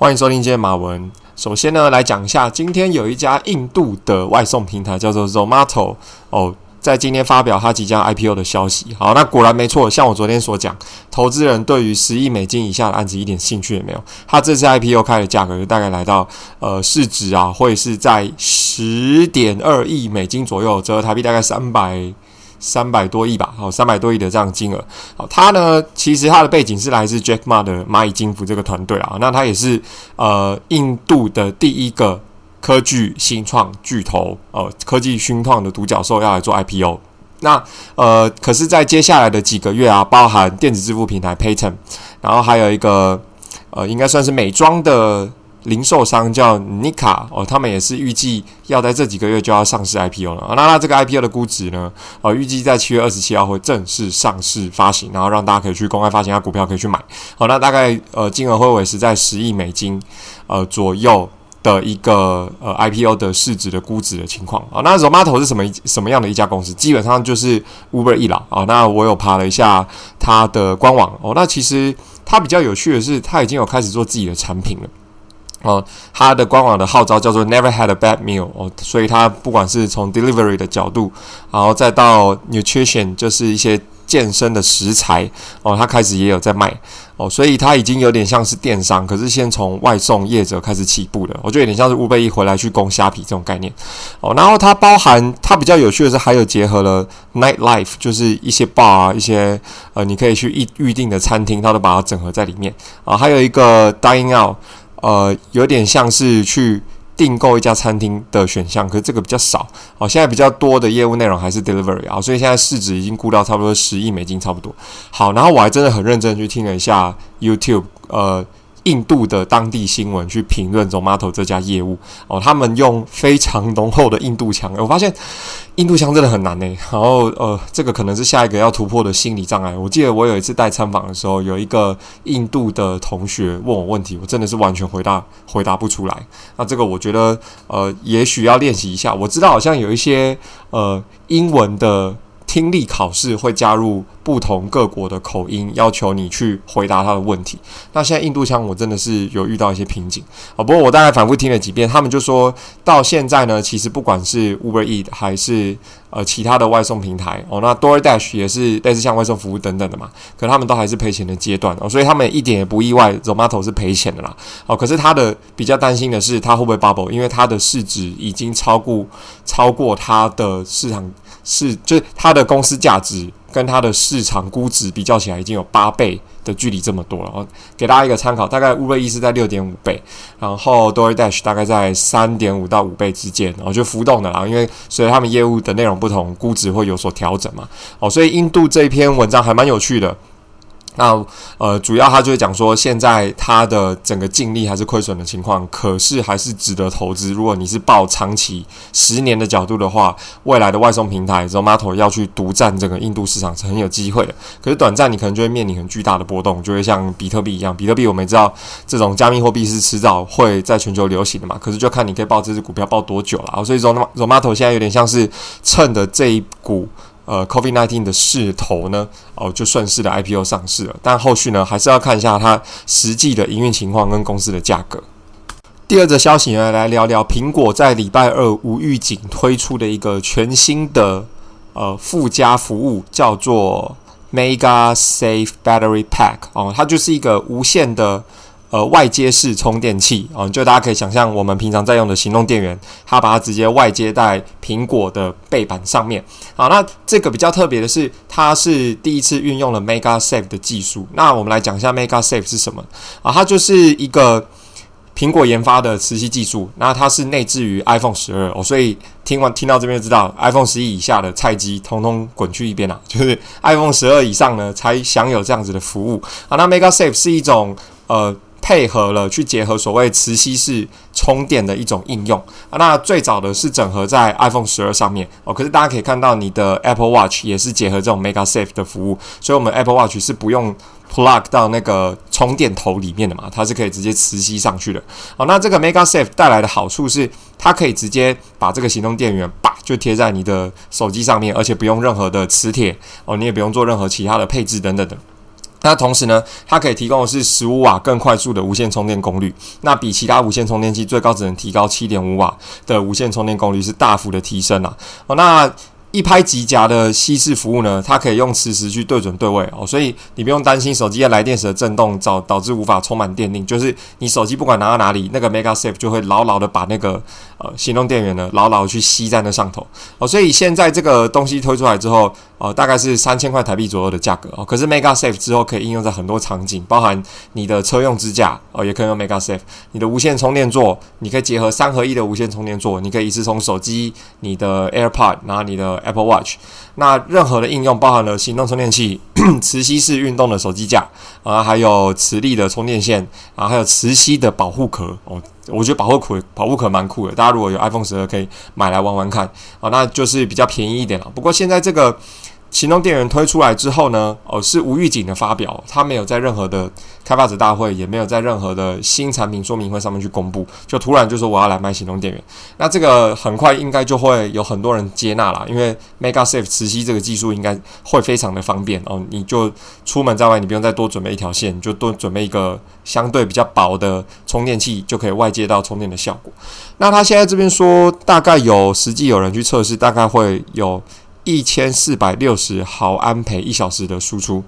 歡迎收聽《今天的馬文》。首先呢，來講一下，今天有一家印度的外送平台叫做 Zomato 哦，在今天發表它即將 IPO 的消息。好，那果然沒錯，像我昨天所講，投資人對於十億美金以下的案子一點興趣也沒有。它這次 IPO 開的價格大概來到呃，市值啊會是在十點二億美金左右，折合台幣大概三百。三百多億吧，好，三百多億的這樣金額，好，他呢，其實他的背景是來自 Jack Ma 的螞蟻金服這個團隊啊，那他也是呃印度的第一個科技新創巨頭，呃，科技新創的獨角獸要來做 IPO，那呃，可是，在接下來的幾個月啊，包含電子支付平台 Paytm，然後還有一個呃，應該算是美妝的。零售商叫 Nika 哦，他們也是預計要在這幾個月就要上市 IPO 了。哦、那，那這個 IPO 的估值呢？呃，預計在七月二十七號會正式上市發行，然後讓大家可以去公開發行，下股票可以去買。好、哦，那大概呃金額會維持在十億美金呃左右的一個呃 IPO 的市值的估值的情況、哦。那 Zomato 是什麼什麼樣的一家公司？基本上就是 Uber Eats 啊、哦。那我有爬了一下它的官網哦。那其實它比較有趣的是，它已經有開始做自己的產品了。哦，它的官網的號召叫做 “Never Had a Bad Meal” 哦，所以它不管是從 delivery 的角度，然後再到 nutrition，就是一些健身的食材哦，它開始也有在賣哦，所以它已經有點像是電商，可是先從外送業者開始起步的。我覺得有點像是 Uber 一回來去攻蝦皮這種概念哦。然後它包含它比較有趣的是，還有結合了 night life，就是一些 bar，一些呃，你可以去預預定的餐廳，它都把它整合在裡面啊、哦。還有一個 dining out。呃，有點像是去訂購一家餐廳的選項，可是這個比較少。好、呃，現在比較多的業務內容還是 delivery 啊、呃，所以現在市值已經估到差不多十億美金，差不多。好，然後我還真的很認真去聽了一下 YouTube，呃。印度的當地新聞去評論 z o 頭 m a t o 這家業務哦，他們用非常濃厚的印度腔，我發現印度腔真的很難呢。然後呃，這個可能是下一個要突破的心理障礙。我記得我有一次帶參訪的時候，有一個印度的同學問我問題，我真的是完全回答回答不出來。那這個我覺得呃，也許要練習一下。我知道好像有一些呃英文的。聽力考試會加入不同各國的口音，要求你去回答他的問題。那現在印度腔，我真的是有遇到一些瓶頸啊、哦。不過我大概反復聽了幾遍，他們就說，到現在呢，其實不管是 Uber Eats 還是。呃，其他的外送平台哦，那 DoorDash 也是類似像外送服務等等的嘛，可他們都還是賠錢的階段哦，所以他們一點也不意外，Zomato 是賠錢的啦。哦，可是他的比較擔心的是，他會不會 bubble，因為他的市值已經超過超過他的市場市，就是他的公司價值。跟它的市場估值比較起來，已經有八倍的距離這麼多了。哦，給大家一個參考，大概 Uber Eats 在六點五倍，然後 DoorDash 大概在三點五到五倍之間，然後就浮動的啦。因為所以他們業務的內容不同，估值會有所調整嘛。哦，所以印度這一篇文章還蠻有趣的。那呃，主要他就會講說，現在它的整個淨利還是虧損的情況，可是還是值得投資。如果你是抱長期十年的角度的話，未來的外送平台 Zomato 要去獨佔整個印度市場是很有機會的。可是短暫，你可能就會面臨很巨大的波動，就會像比特幣一樣。比特幣我們知道，這種加密貨幣是遲早會在全球流行的嘛。可是就看你可以抱這隻股票抱多久了。所以 Zomato 現在有點像是趁的這一股。呃，COVID-19 的勢頭呢，哦，就順勢的 IPO 上市了。但後續呢，還是要看一下它實際的營運情況跟公司的價格。第二個消息呢，來聊聊蘋果在禮拜二無預警推出的一個全新的呃附加服務，叫做 MagSafe Battery Pack 哦，它就是一個無線的。呃，外接式充電器啊、哦，就大家可以想象我們平常在用的行動電源，它把它直接外接在蘋果的背板上面。好，那這個比較特別的是，它是第一次運用了 MagSafe 的技術。那我們來講一下 MagSafe 是什麼啊？它就是一個蘋果研發的磁吸技術。那它是內置於 iPhone 十二哦，所以聽完聽到這邊就知道，iPhone 十一以下的菜雞通通滾去一邊啦、啊，就是 iPhone 十二以上呢才享有這樣子的服務。好，那 MagSafe 是一種呃。配合了去結合所謂磁吸式充電的一種應用，那最早的是整合在 iPhone 十二上面哦。可是大家可以看到，你的 Apple Watch 也是結合這種 MagSafe 的服務，所以我們 Apple Watch 是不用 plug 到那個充電頭裡面的嘛，它是可以直接磁吸上去的。好，那這個 MagSafe 帶來的好處是，它可以直接把這個行動電源叭就貼在你的手機上面，而且不用任何的磁鐵哦，你也不用做任何其他的配置等等的。那同時呢，它可以提供的是十五瓦更快速的無線充電功率，那比其他無線充電器最高只能提高七點五瓦的無線充電功率是大幅的提升啦。哦，那一拍即夾的稀釋服務呢，它可以用磁石去對準對位哦，所以你不用擔心手機在來電時的震動導致無法充滿電力。就是你手機不管拿到哪裡，那個 MagSafe 就會牢牢的把那個呃行動電源呢牢牢去吸在那上頭哦，所以現在這個東西推出來之後，哦，大概是三千塊台幣左右的價格哦。可是 MagSafe 之後可以應用在很多場景，包含你的車用支架哦，也可以用 MagSafe。你的無線充電座，你可以結合三合一的無線充電座，你可以一次從手機、你的 AirPods、然後你的 Apple Watch。那任何的應用，包含了行動充電器、磁吸式運動的手機架啊，還有磁力的充電線啊，還有磁吸的保護殼哦。我覺得保護殼保護殼蠻酷的，大家如果有 iPhone 十二，可以買來玩玩看哦。那就是比較便宜一點了。不過現在這個。行動電源推出來之後呢，哦，是無預警的發表，他沒有在任何的開發者大會，也沒有在任何的新產品說明會上面去公布，就突然就說我要來賣行動電源。那這個很快應該就會有很多人接納啦，因為 MagSafe 磁吸這個技術應該會非常的方便哦，你就出門在外你不用再多準備一條線，你就多準備一個相對比較薄的充電器就可以外接到充電的效果。那他現在這邊說大概有實際有人去測試，大概會有。一千四百六十毫安培一小時的輸出，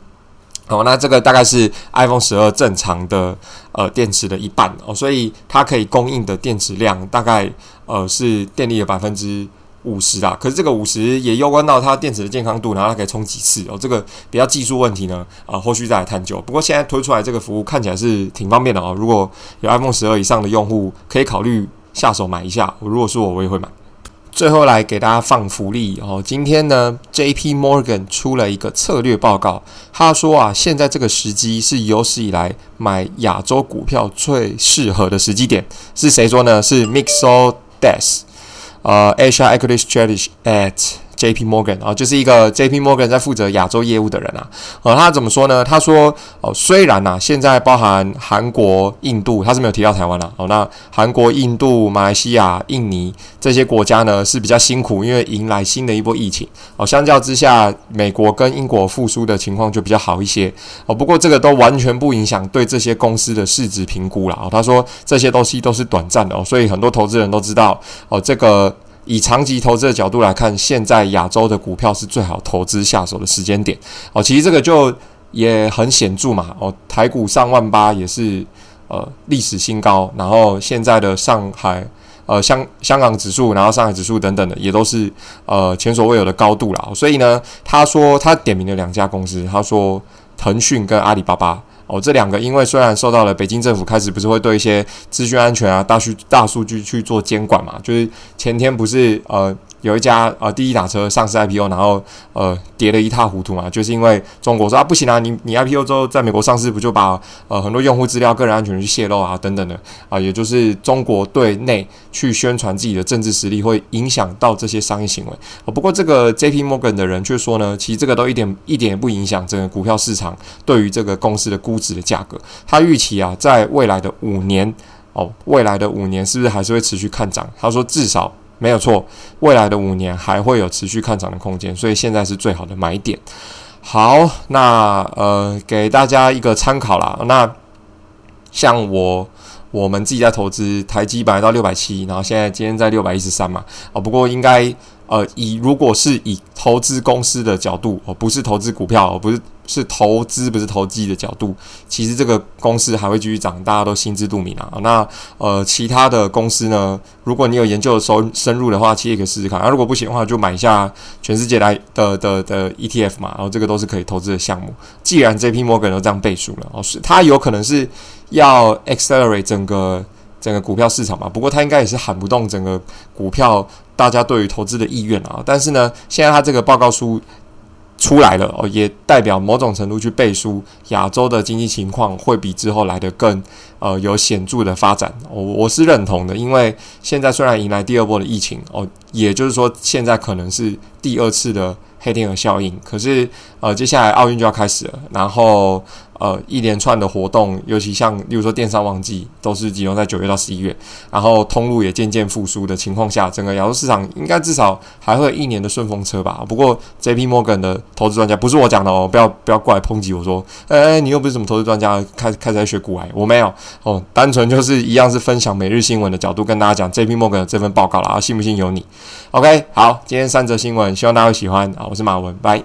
哦，那這個大概是 iPhone 十二正常的，呃電池的一半哦，所以它可以供應的電池量大概，呃是電力的百分之五十啦，可是這個五十也攸關到它電池的健康度，然後它可以充幾次哦。這個比較技術問題呢，啊、哦，後續再來探究。不過現在推出來這個服務看起來是挺方便的哦。如果有 iPhone 十二以上的用戶，可以考慮下手買一下。我，如果是我，我也會買。最後來給大家放福利哦！今天呢，JP Morgan 出了一個策略報告，他說啊，現在這個時機是有史以來買亞洲股票最適合的時機點。是誰說呢？是 Mixo Das，呃，Asia Equity Strategist at。JP Morgan 啊、哦，就是一個 JP Morgan 在負責亞洲業務的人啊，呃、哦、他怎麼說呢？他說哦，雖然吶、啊，現在包含韓國、印度，他是沒有提到台灣啦、啊，哦，那韓國、印度、馬來西亞、印尼這些國家呢是比較辛苦，因為迎來新的一波疫情。哦，相較之下，美國跟英國復甦的情況就比較好一些。哦，不過這個都完全不影響對這些公司的市值評估了。哦，他說這些東西都是短暫的哦，所以很多投資人都知道哦，這個。以長期投資的角度來看，現在亞洲的股票是最好投資下手的時間點。哦，其實這個就也很顯著嘛。哦，台股上萬八也是呃歷史新高，然後現在的上海呃香香港指數，然後上海指數等等的也都是呃前所未有的高度啦。所以呢，他說他點名了兩家公司，他說騰訊跟阿里巴巴。哦，這兩個，因為雖然受到了北京政府開始不是會對一些資訊安全啊、大數大數據去做監管嘛，就是前天不是呃。有一家呃滴滴打車上市 IPO，然後呃跌得一塌糊塗嘛，就是因為中國說啊不行啊，你你 IPO 之後在美國上市，不就把呃很多用戶資料、個人安全去洩露啊等等的啊，也就是中國對內去宣傳自己的政治實力，會影響到這些商業行為。啊，不過這個 JP Morgan 的人卻說呢，其實這個都一點一點也不影響整個股票市場對於這個公司的估值的價格。他預期啊在未來的五年哦，未來的五年是不是還是會持續看漲？他說至少。沒有錯，未來的五年還會有持續看漲的空間，所以現在是最好的買點。好，那呃，給大家一個參考啦。那像我，我們自己在投資台積，本來到六百七，然後現在今天在六百一十三嘛。哦，不過應該。呃，以如果是以投資公司的角度，哦，不是投資股票，哦、不是是投資，不是投機的角度，其實這個公司還會繼續漲，大家都心知肚明啊。哦、那呃，其他的公司呢，如果你有研究的時候深入的話，其實也可以試試看。那、啊、如果不行的話，就買一下全世界來的的的,的 ETF 嘛，然後，哦，這個都是可以投資的項目。既然 JP 摩根都這樣背書了，哦，是他有可能是要 accelerate 整個。整個股票市場嘛，不過他應該也是喊不動整個股票，大家對於投資的意願啊。但是呢，現在他這個報告書出來了哦，也代表某種程度去背書亞洲的經濟情況會比之後來得更呃有顯著的發展。我、哦、我是認同的，因為現在雖然迎來第二波的疫情哦，也就是說現在可能是第二次的黑天鵝效應。可是呃，接下來奧運就要開始了，然後。呃，一連串的活動，尤其像，例如說電商旺季，都是集中在九月到十一月，然後通路也漸漸復甦的情況下，整個亞洲市場應該至少還會有一年的順風車吧。不過 J P Morgan 的投資專家不是我講的哦，不要不要過來抨擊我說，哎、欸，你又不是什麼投資專家，開始開始在學古哎，我沒有哦，單純就是一樣是分享每日新聞的角度跟大家講 J P Morgan 的這份報告啦啊，信不信由你。OK，好，今天三則新聞，希望大家會喜歡啊，我是馬文，拜。